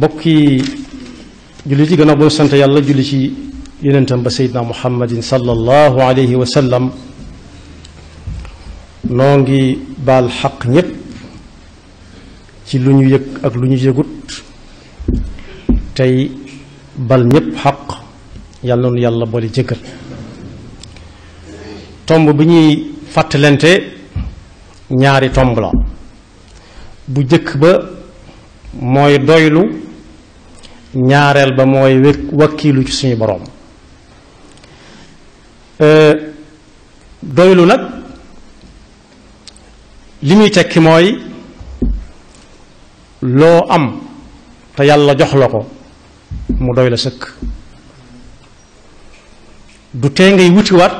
bokki jullit yi gannaaw bu ñu sant yàlla julli ci yonentam ba seydina muhammadin sallallahu alayhi wa sallam noo ngi baal xaq ñépp ci lu ñu yëg ak lu ñu yëgut tey bal ñépp xaq yàlla noonu yàlla boole jëggal tomb bi ñuy fàttalante ñaari tomb la bu jëkk ba mooy doylu ñaareel ba mooy wékk ci suñu boroom euh, doylu nag li muy tekki mooy loo am te yàlla jox la ko mu doy sëkk du tee ngay wutiwaat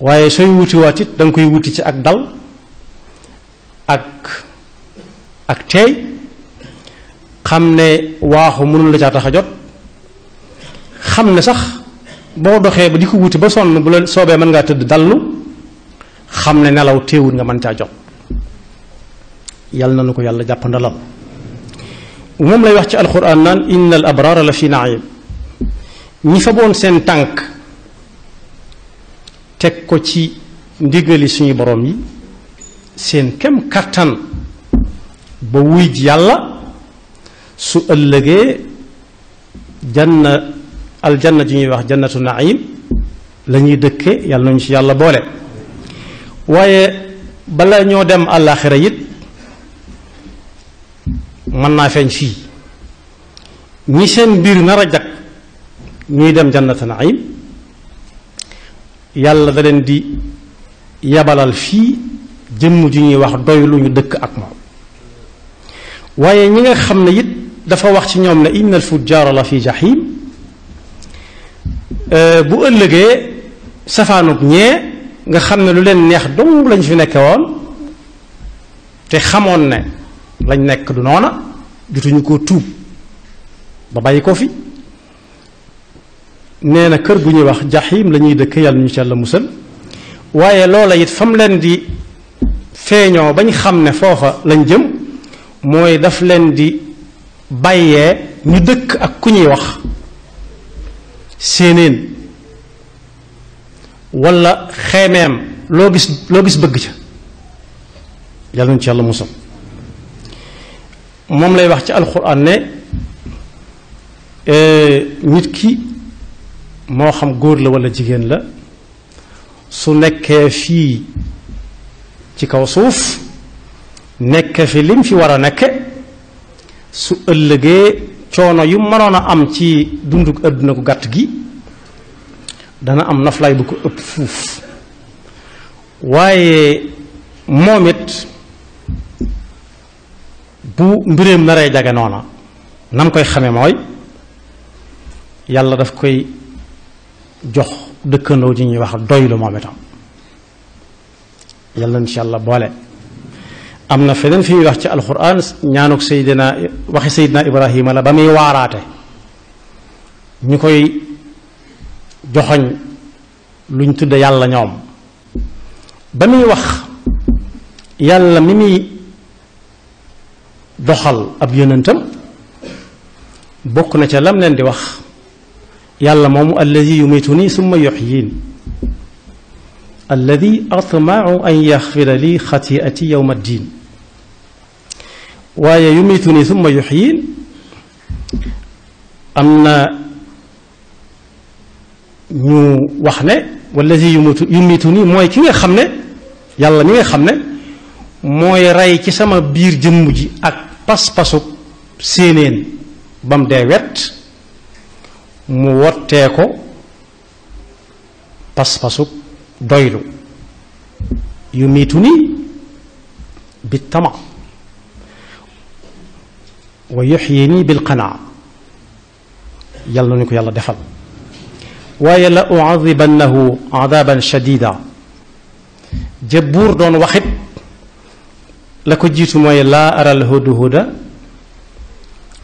waaye sooy wutiwaat it da nga koy wuti ci ak dal ak ak teey xam ne waaxu mënul la caa tax a jot xam ne sax boo doxee ba di ko wuti ba sonn bu la soobee mën ngaa tëdd dallu xam ne nelaw téewul nga mën caa jot yàlla na ko yàlla jàpp ndalal moom lay wax ci alxuraan naan innal abraara la fi naayim ñi fa boon seen tànk teg ko ci ndigali suñu borom yi seen kem kattan ba wuy yàlla su ëllëgee janna aljanna ji ñuy wax jannatu naim la ñuy dëkke yàlla nañu ci yàlla boole waaye bala ñoo dem àllaaxira it mën naa feeñ fii ñi seen biir nar a jag ñuy dem jannatu naim yàlla da leen di yabalal fii jëmm ju ñuy wax doy lu ñu dëkk ak moom waaye ñi nga xam ne it دفا وقت نيوم ان الفجار لا في جحيم أه، بو الغي سفانو ني غا خامن لو لين نيه دون لا نفي نيكون تي خامون ني لا نيك دو نونا جوتو نكو توب با بايكو في نينا كير بو ني واخ جحيم لا ني دك يال ان شاء الله مسل وايي لولا يت فام لين دي فينو باني خامن فوفا لا نجم موي داف لين دي baye ñu dëkk ak ku ñuy wax séeneen wala xeemeem loo gis loo gis bëgg ca yàlla nañ ci yàlla musal moom lay wax ci alquran ne nit ki moo xam góor la wala jigéen la su nekkee fii ci kaw suuf nekk fi lim fi war a nekke su ëllëgee coono yu mënoon a am ci dundu àdduna ko gàtt gi dana am naflaay bu ko ëpp fuuf waaye moom bu mbireem naree jage noona nam koy xame mooy yàlla daf koy jox dëkkandoo ji ñuy wax doylu moom itam yàlla insha boole am na feneen fi muy wax ci alquran ñaanuk saydina waxi saydina ibrahima la ba muy waaraate ñu koy joxoñ luñ tudde yàlla ñoom ba muy wax yàlla mi muy doxal ab yonentam bokk na ca lam leen di wax yàlla moomu alladi yumituni summa yuxyin alladi atmau an yaxfira li xatiati yowma ddin waaye yumiituni summa yuxyiin am na ñu wax ne wallazi yumiituni mooy ki nga xam ne yàlla mi nga xam ne mooy rey ci sama biir jëmm ji ak pas-pasub séenéen ba mu dee wet mu wottee ko pas-pasub doylu yumiituni bi tama ويحييني بالقناعة يلا نكو يلا دفل ويلا أعذبنه عذابا شديدا جبور دون وخب لكو جيت موي لا أرى الهدهد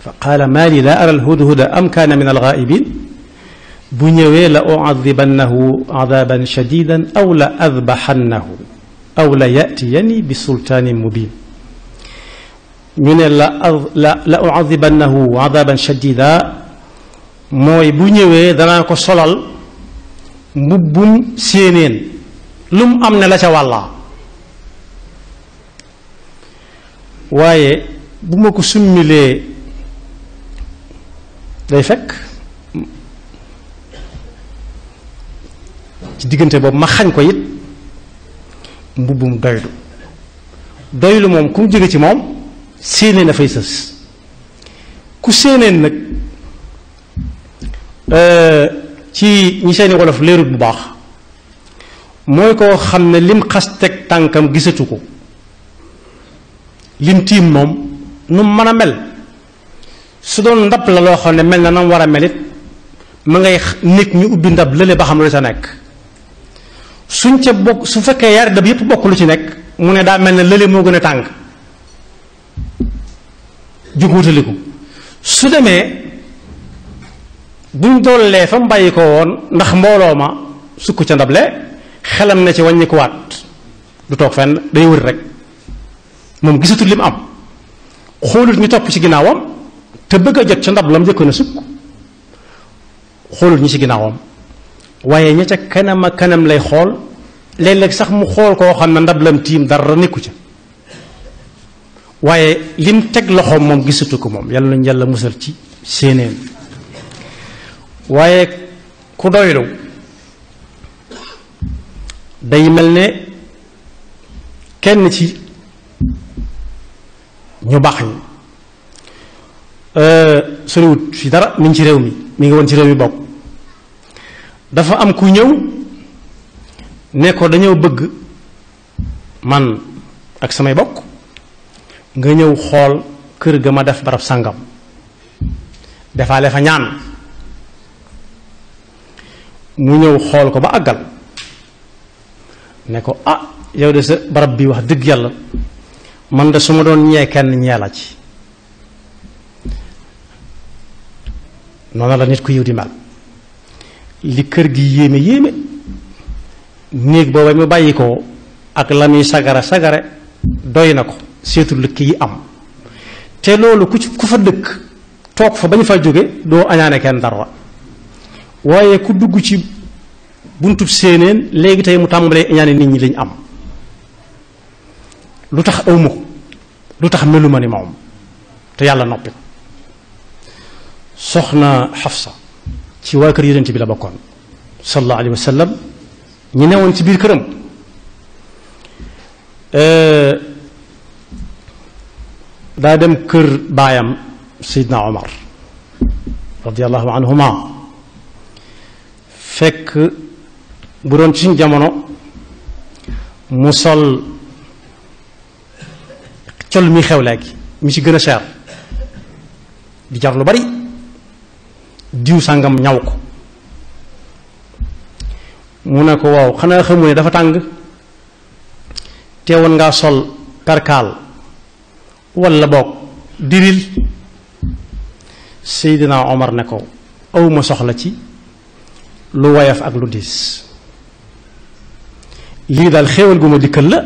فقال ما لي لا أرى الهدهد أم كان من الغائبين بنيوي لا عذابا شديدا أو لا أذبحنه أو لا يأتيني بسلطان مبين من لا لا أعذبنه عذابا شديدا موي بو نيوي دا نكو سولال مبون سينين لوم امنا لا تشا والا واي بو مكو سميلي داي فك ci digënté bob ma xañ ko yit mbubum doydu doylu mom kum jëgé ci mom séeneen dafay sës ku séeneen nag euh, ci ñi seeni wolof leerut bu baax mooy koo xam ne lim xas teg tànkam gisatu ko lim tiim moom nu mën a mel su doon ndab la loo xam ne mel na nam war a mel melit ma ngay nekk ñu ubbi ndab lële ba xam lu sa nekk suñ ca bokk su fekkee yaari ndab yépp bokkulu ci nekk mu ne daa mel ne lële moo gën a tàng jub wutaliku su demee buñ dollee fa mu bàyyi ko woon ndax mbooloo ma sukk ca ndable xelam na ci wàññikuwaat du toog fenn day wër rek moom gisatul li am xoolut ñu topp ci ginnaawam te bëgg a jot ca ndab la mu jëkkoon a sukk xoolut ñi ci ginnaawam waaye ña ca kanam a kanam lay xool léeg-léeg sax mu xool koo xam na ndab lam tiim dara nekku ca waaye lim teg loxoom moom gisatu ko moom yàlla nañu yàlla musal ci séeneen waaye ku doylu day mel ne kenn ci ñu baax ñi euh, soriwut fi dara mi ci réew mi mi ngi woon ci réew mi bokk dafa am ku ñëw ne ko dañoo bëgg man ak samay bokk nga ñëw xool kër ga ma def barab sàngam defaale fa ñaan mu ñëw xool ko ba àggal ne ko ah yow de sa barab bi wax dëgg yàlla man de su ma doon ñee kenn ñee ci noonu la nit ku yiw di mel li kër gi yéeme yéeme néeg booba mu bàyyi ko ak la muy sagara sagare doy na ko seetu lëkk yi am te loolu ku ci ku fa dëkk toog fa bañ fa jóge doo añaane kenn dara waaye ku dugg ci buntub séeneen léegi tey mu tàmbalee añaane nit ñi lañ am lu tax awma ko lu tax meluma ni moom te yàlla noppi soxna Xafsa ci waa kër yonent bi la bokkoon sallallahu alayhi wa sallam ñi newoon ci biir këram daa dem kër baayam Seydina Omar radiallahu anhuma fekk bu doon ci suñ jamono mu sol col mi xew léegi mi ci gën a cher di jar lu bari diw sàngam ñaw ko mu ne ko waaw xanaa xamu ne dafa tàng teewoon ngaa sol perkaal walla boog diril Seydina Omar ne ko awma soxla ci lu woyof ak lu diis lii daal xéewal gu ma dikkal la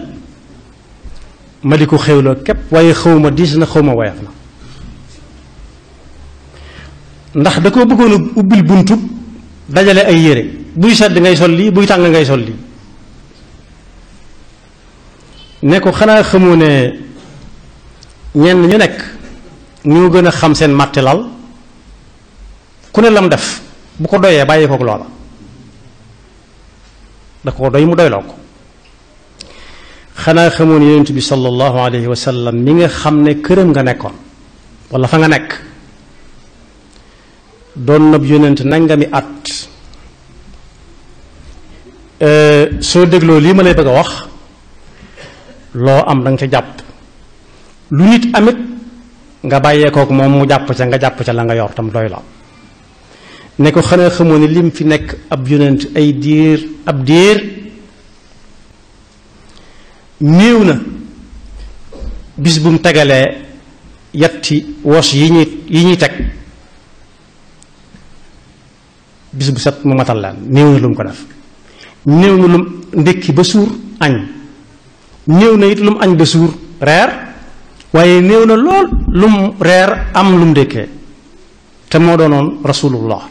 ma di ko xéewloo képp waaye xaw ma diis na xaw ma woyof na ndax da ko bëggoon a ubbil buntu dajale ay yére buy sedd ngay sol lii buy tàng ngay sol lii ne ko xanaa xamoo ne ñen ñu nek ñu gëna xam seen matelal ku ne lam def bu ko doye baye ko loola da ko doy mu doy lako xana xamone yonent bi sallallahu alayhi wa sallam mi nga xam ne nga nekkon wala fa nga nek doon nab yonent nangami at eh, so deglo li ma lay bëgg wax lo am dang ca japp lu nit amet nga bàyyee kook moom mu jàpp ca nga jàpp ca la nga yor tam doy la ne ko xanaa xamoo ne lim fi nekk ab yonent ay diir ab diir néew na bis bu mu tegalee yetti wos yi ñuy yi ñuy teg bis bu set mu matal leen néew na lu mu ko def néew na lu mu ndékki ba suur añ néew na it lu mu añ ba suur reer waye newna lol lum rer am lum deke te moo doonoon rasulullah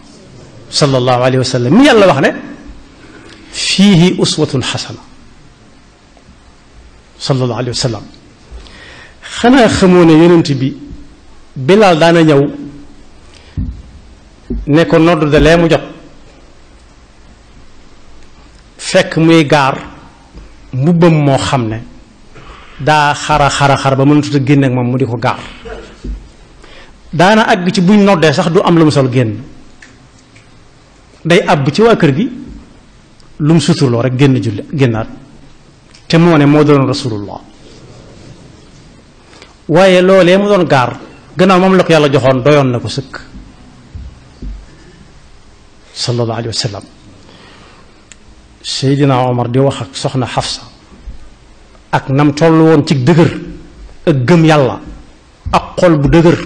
sallallahu alaihi wasallam mi yàlla wax ne fihi uswatun hasana sallallahu alaihi wasallam xana xamone yonenti bi bilal dana ñëw ne ko noddu de lee mu jot fek muy gar mbubbam mo xamne daa xara xara xara ba mënatut a génn ak moom mu di ko gaar daana àgg ci buñ noddee sax du am lu mu sol génn day àbb ci waa kër gi lu mu suturloo rek génn julli génnaat te moo ne moo doon rasulullah waaye loolee mu doon gaar gannaaw moom la ko yàlla joxoon doyoon na ko sëkk sallallahu alayhi wa sallam omar di wax ak soxna xafsa ak nam toll woon ci dëgër ak gëm yàlla ak xool bu dëgër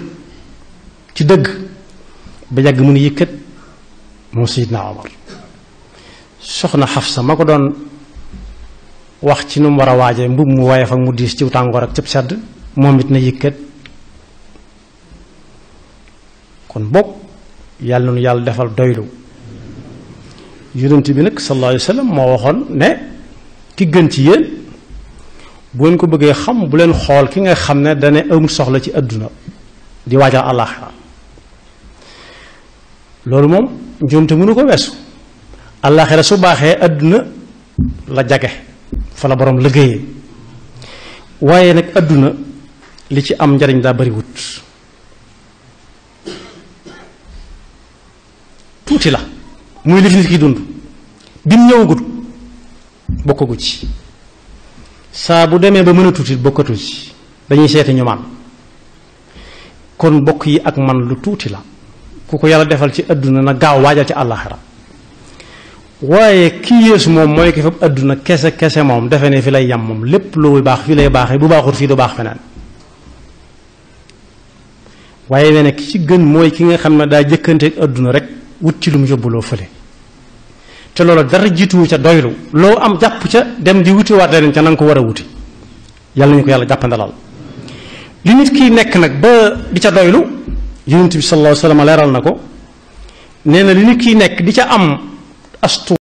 ci dëgg ba yàgg mu ne yëkkat moom Seydina Omar soxna Xafsa ma ko doon wax ci nu mu war a waajee mbub mu waaye ak mu diis ci tàngoor ak cëb sedd moom it na yëkkat kon bokk yàlla na nu yàlla defal doylu yonent bi nag sallallahu alayhi wa sallam moo waxoon ne ki gën ci yéen bu ngeen ko bëggee xam bu leen xool ki nga xam ne dane amul soxla ci àdduna di waajal àllaaxira loolu moom njuumte mënu ko weesu àllaaxira su baaxee àdduna la jage fa la borom liggéeyee waaye nag àdduna li ci am njariñ daa bariwut tuuti la muy li nit ki dund bi mu ñëwagut bokkagu ci saa bu demee ba mën a tuuti bokkatu ci dañuy seeti ñu man kon bokk yi ak man lu tuuti la ku ko yàlla defal ci àdduna na gaaw waajal ci àllaaxira waaye kii yéesu moom mooy ki fab àdduna kese kese moom defe ne fi lay yam moom lépp loo baax fi lay baaxee bu baaxul fii du baax feneen waaye nee na ki ci gën mooy ki nga xam ne daa jëkkanteeg àdduna rek wut ci lu mu yóbbuloo fële te loola dara jiituwu ca doylu loo am jàpp ca dem di wutiwaat nañ ca na ko war a wuti yàlla nañu ko yàlla jàppandalal li nit kiy nekk nag ba di ca doylu yonent bi sallallahu alayhi wa leeral na ko nee na li nit kiy nekk di ca am astu